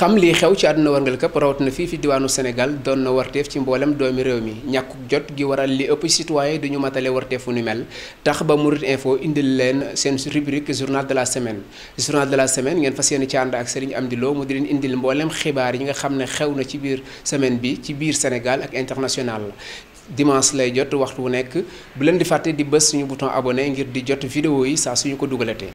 xam lii xew ci àdduna warngal këpp rawatina fii fi diwaanu Sénégal doon na warteef ci mboolem doomi réew mi ñàkkuk jot gi waral li ëpp citoyen duñu matale warteefu ni mel tax ba Mouride Info indil leen seen rubrique journal de la semaine journal de la semaine ngeen fas yéene ci ànd ak Serigne Amdi Lo mu di leen indil mboolem xibaar yi nga xam ne xew na ci biir semaine bi ci biir Sénégal ak international dimanche lay jot waxtu wu nekk bu leen di fàtte di bës suñu bouton abonné ngir di jot vidéo yi saa suñu ko dugalatee